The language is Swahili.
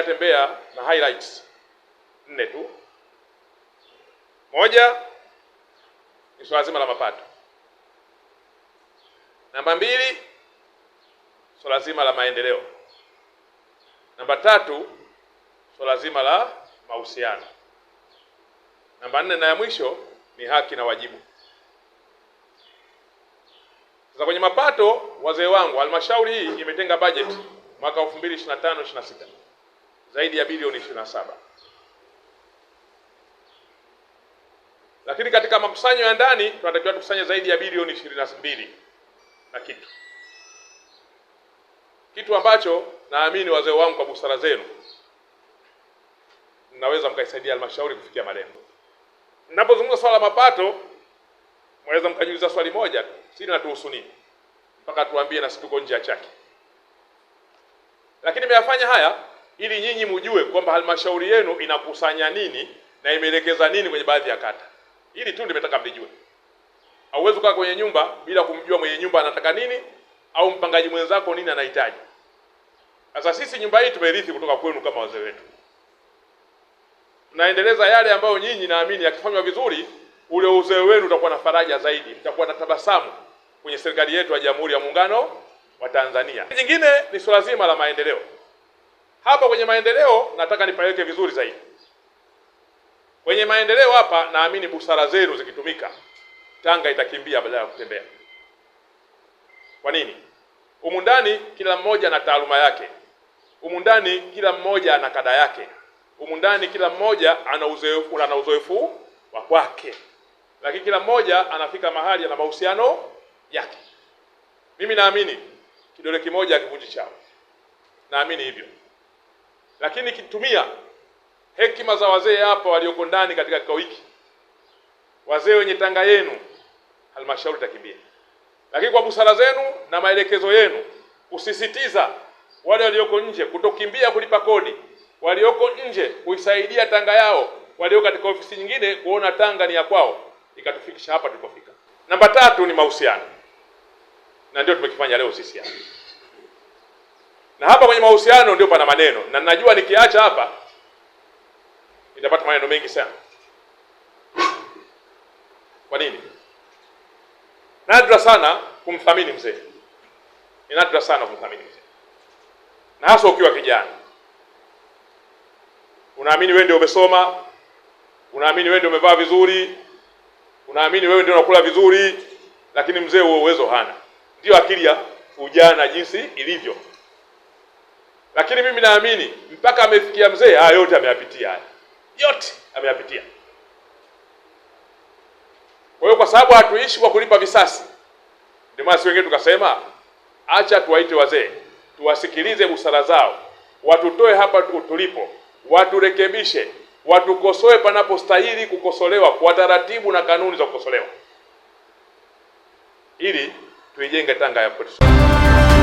natembea na highlights nne tu. Moja ni swala zima la mapato. Namba mbili swala zima la maendeleo. Namba tatu swala zima la mahusiano. Namba nne na ya mwisho ni haki na wajibu. Sasa kwenye mapato, wazee wangu, halmashauri hii imetenga bajeti mwaka 2025 26 zaidi ya bilioni ishirini na saba lakini katika makusanyo ya ndani tunatakiwa tukusanye zaidi ya bilioni ishirini na mbili na kitu kitu ambacho naamini wazee wangu kwa busara zenu mnaweza mkaisaidia halmashauri kufikia malengo. Ninapozungumza swala la mapato, mwaweza mkajiuliza swali moja tu, sisi natuhusu nini mpaka tuambie na situko nje ya chake? Lakini nimeyafanya haya ili nyinyi mjue kwamba halmashauri yenu inakusanya nini na imeelekeza nini kwenye baadhi ya kata. Hili tu nimetaka mlijue. Hauwezi kukaa kwenye nyumba bila kumjua mwenye nyumba anataka nini au mpangaji mwenzako nini anahitaji. Sasa sisi nyumba hii tumerithi kutoka kwenu kama wazee wetu, naendeleza yale ambayo nyinyi, naamini yakifanywa vizuri, ule uzee wenu utakuwa na faraja zaidi, mtakuwa na tabasamu kwenye serikali yetu ya Jamhuri ya Muungano wa Tanzania. Jingine ni swala zima la maendeleo. Hapa kwenye maendeleo nataka nipaweke vizuri zaidi. Kwenye maendeleo hapa, naamini busara zenu zikitumika, Tanga itakimbia badala ya kutembea. Kwa nini? Humu ndani kila mmoja na taaluma yake, humu ndani kila mmoja ana kada yake, humu ndani kila mmoja ana uzoefu ana uzoefu wa kwake, lakini kila mmoja anafika mahali ana mahusiano yake. Mimi naamini kidole kimoja hakivunji chao naamini hivyo. Lakini kitumia hekima za wazee hapa walioko ndani katika kikao hiki, wazee wenye tanga yenu, halmashauri itakimbia. Lakini kwa busara zenu na maelekezo yenu, kusisitiza wale walioko nje kutokimbia kulipa kodi, walioko nje kuisaidia tanga yao, walio katika ofisi nyingine kuona tanga ni ya kwao, ikatufikisha hapa tulipofika. Namba tatu ni mahusiano, na ndio tumekifanya leo sisi hapa na hapa kwenye mahusiano ndio pana maneno, na najua nikiacha hapa nitapata maneno mengi sana. Kwa nini? Nadra sana kumthamini mzee, ni nadra sana kumthamini mzee, na hasa ukiwa kijana. Unaamini wewe ndio umesoma, unaamini wewe ndio umevaa vizuri, unaamini wewe ndio unakula vizuri, lakini mzee huo uwezo hana. ndio akili ya ujana jinsi ilivyo. Lakini mimi naamini mpaka amefikia mzee, haya yote ameyapitia, haya yote ameyapitia. Kwa hiyo, kwa sababu hatuishi kwa kulipa visasi, ndio maana si wengine tukasema acha tuwaite wazee, tuwasikilize busara zao, watutoe hapa tulipo, waturekebishe, watukosoe panapostahili kukosolewa kwa taratibu na kanuni za kukosolewa, ili tuijenge Tanga ya